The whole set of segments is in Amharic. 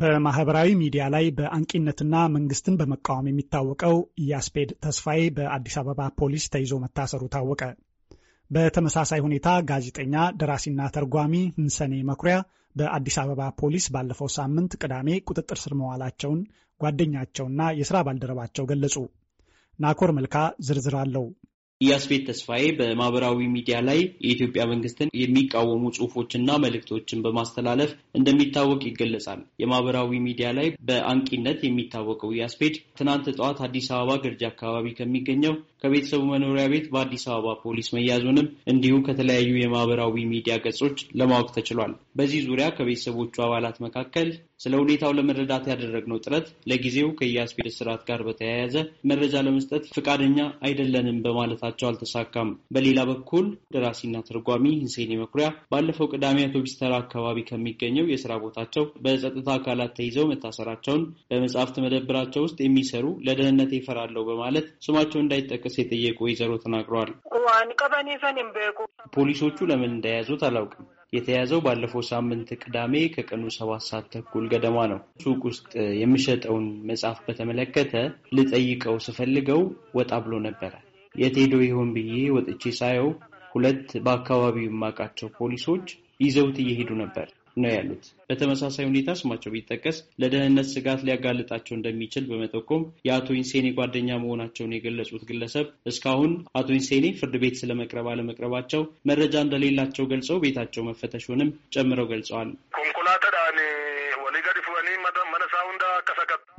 በማህበራዊ ሚዲያ ላይ በአንቂነትና መንግስትን በመቃወም የሚታወቀው ያስፔድ ተስፋዬ በአዲስ አበባ ፖሊስ ተይዞ መታሰሩ ታወቀ። በተመሳሳይ ሁኔታ ጋዜጠኛ ደራሲና ተርጓሚ ህንሰኔ መኩሪያ በአዲስ አበባ ፖሊስ ባለፈው ሳምንት ቅዳሜ ቁጥጥር ስር መዋላቸውን ጓደኛቸውና የሥራ ባልደረባቸው ገለጹ። ናኮር መልካ ዝርዝር አለው። ኢያስቤት ተስፋዬ በማህበራዊ ሚዲያ ላይ የኢትዮጵያ መንግስትን የሚቃወሙ ጽሁፎችና መልእክቶችን በማስተላለፍ እንደሚታወቅ ይገለጻል። የማህበራዊ ሚዲያ ላይ በአንቂነት የሚታወቀው ኢያስቤት ትናንት ጠዋት አዲስ አበባ ግርጃ አካባቢ ከሚገኘው ከቤተሰቡ መኖሪያ ቤት በአዲስ አበባ ፖሊስ መያዙንም እንዲሁ ከተለያዩ የማህበራዊ ሚዲያ ገጾች ለማወቅ ተችሏል። በዚህ ዙሪያ ከቤተሰቦቹ አባላት መካከል ስለ ሁኔታው ለመረዳት ያደረግነው ጥረት ለጊዜው ከኢያስፔድ ስርዓት ጋር በተያያዘ መረጃ ለመስጠት ፈቃደኛ አይደለንም በማለታቸው አልተሳካም። በሌላ በኩል ደራሲና ተርጓሚ ህንሴኔ መኩሪያ ባለፈው ቅዳሜ አውቶቢስ ተራ አካባቢ ከሚገኘው የስራ ቦታቸው በጸጥታ አካላት ተይዘው መታሰራቸውን በመጽሐፍት መደብራቸው ውስጥ የሚሰሩ ለደህንነት ይፈራለሁ በማለት ስማቸው እንዳይጠቀስ የጠየቁ ወይዘሮ ተናግረዋል። ፖሊሶቹ ለምን እንደያዙት አላውቅም። የተያዘው ባለፈው ሳምንት ቅዳሜ ከቀኑ ሰባት ሰዓት ተኩል ገደማ ነው። ሱቅ ውስጥ የሚሸጠውን መጽሐፍ በተመለከተ ልጠይቀው ስፈልገው ወጣ ብሎ ነበረ። የት ሄዶ ይሆን ብዬ ወጥቼ ሳየው ሁለት በአካባቢው የማውቃቸው ፖሊሶች ይዘውት እየሄዱ ነበር። ነው ያሉት። በተመሳሳይ ሁኔታ ስማቸው ቢጠቀስ ለደህንነት ስጋት ሊያጋልጣቸው እንደሚችል በመጠቆም የአቶ ኢንሴኔ ጓደኛ መሆናቸውን የገለጹት ግለሰብ እስካሁን አቶ ኢንሴኔ ፍርድ ቤት ስለመቅረብ አለመቅረባቸው መረጃ እንደሌላቸው ገልጸው ቤታቸው መፈተሹንም ጨምረው ገልጸዋል።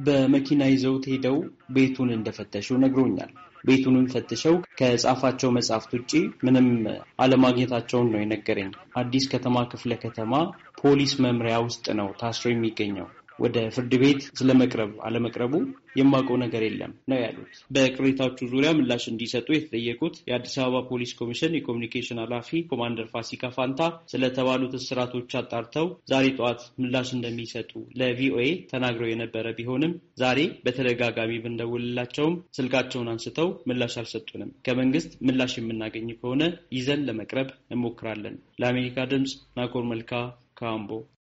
በመኪና ይዘውት ሄደው ቤቱን እንደፈተሹ ነግሮኛል። ቤቱንም ፈትሸው ከጻፋቸው መጽሐፍት ውጭ ምንም አለማግኘታቸውን ነው የነገረኝ። አዲስ ከተማ ክፍለ ከተማ ፖሊስ መምሪያ ውስጥ ነው ታስሮ የሚገኘው። ወደ ፍርድ ቤት ስለመቅረብ አለመቅረቡ የማውቀው ነገር የለም ነው ያሉት። በቅሬታዎቹ ዙሪያ ምላሽ እንዲሰጡ የተጠየቁት የአዲስ አበባ ፖሊስ ኮሚሽን የኮሚኒኬሽን ኃላፊ ኮማንደር ፋሲካ ፋንታ ስለተባሉት እስራቶች አጣርተው ዛሬ ጠዋት ምላሽ እንደሚሰጡ ለቪኦኤ ተናግረው የነበረ ቢሆንም ዛሬ በተደጋጋሚ ብንደውልላቸውም ስልካቸውን አንስተው ምላሽ አልሰጡንም። ከመንግስት ምላሽ የምናገኝ ከሆነ ይዘን ለመቅረብ እንሞክራለን። ለአሜሪካ ድምፅ ናኮር መልካ campo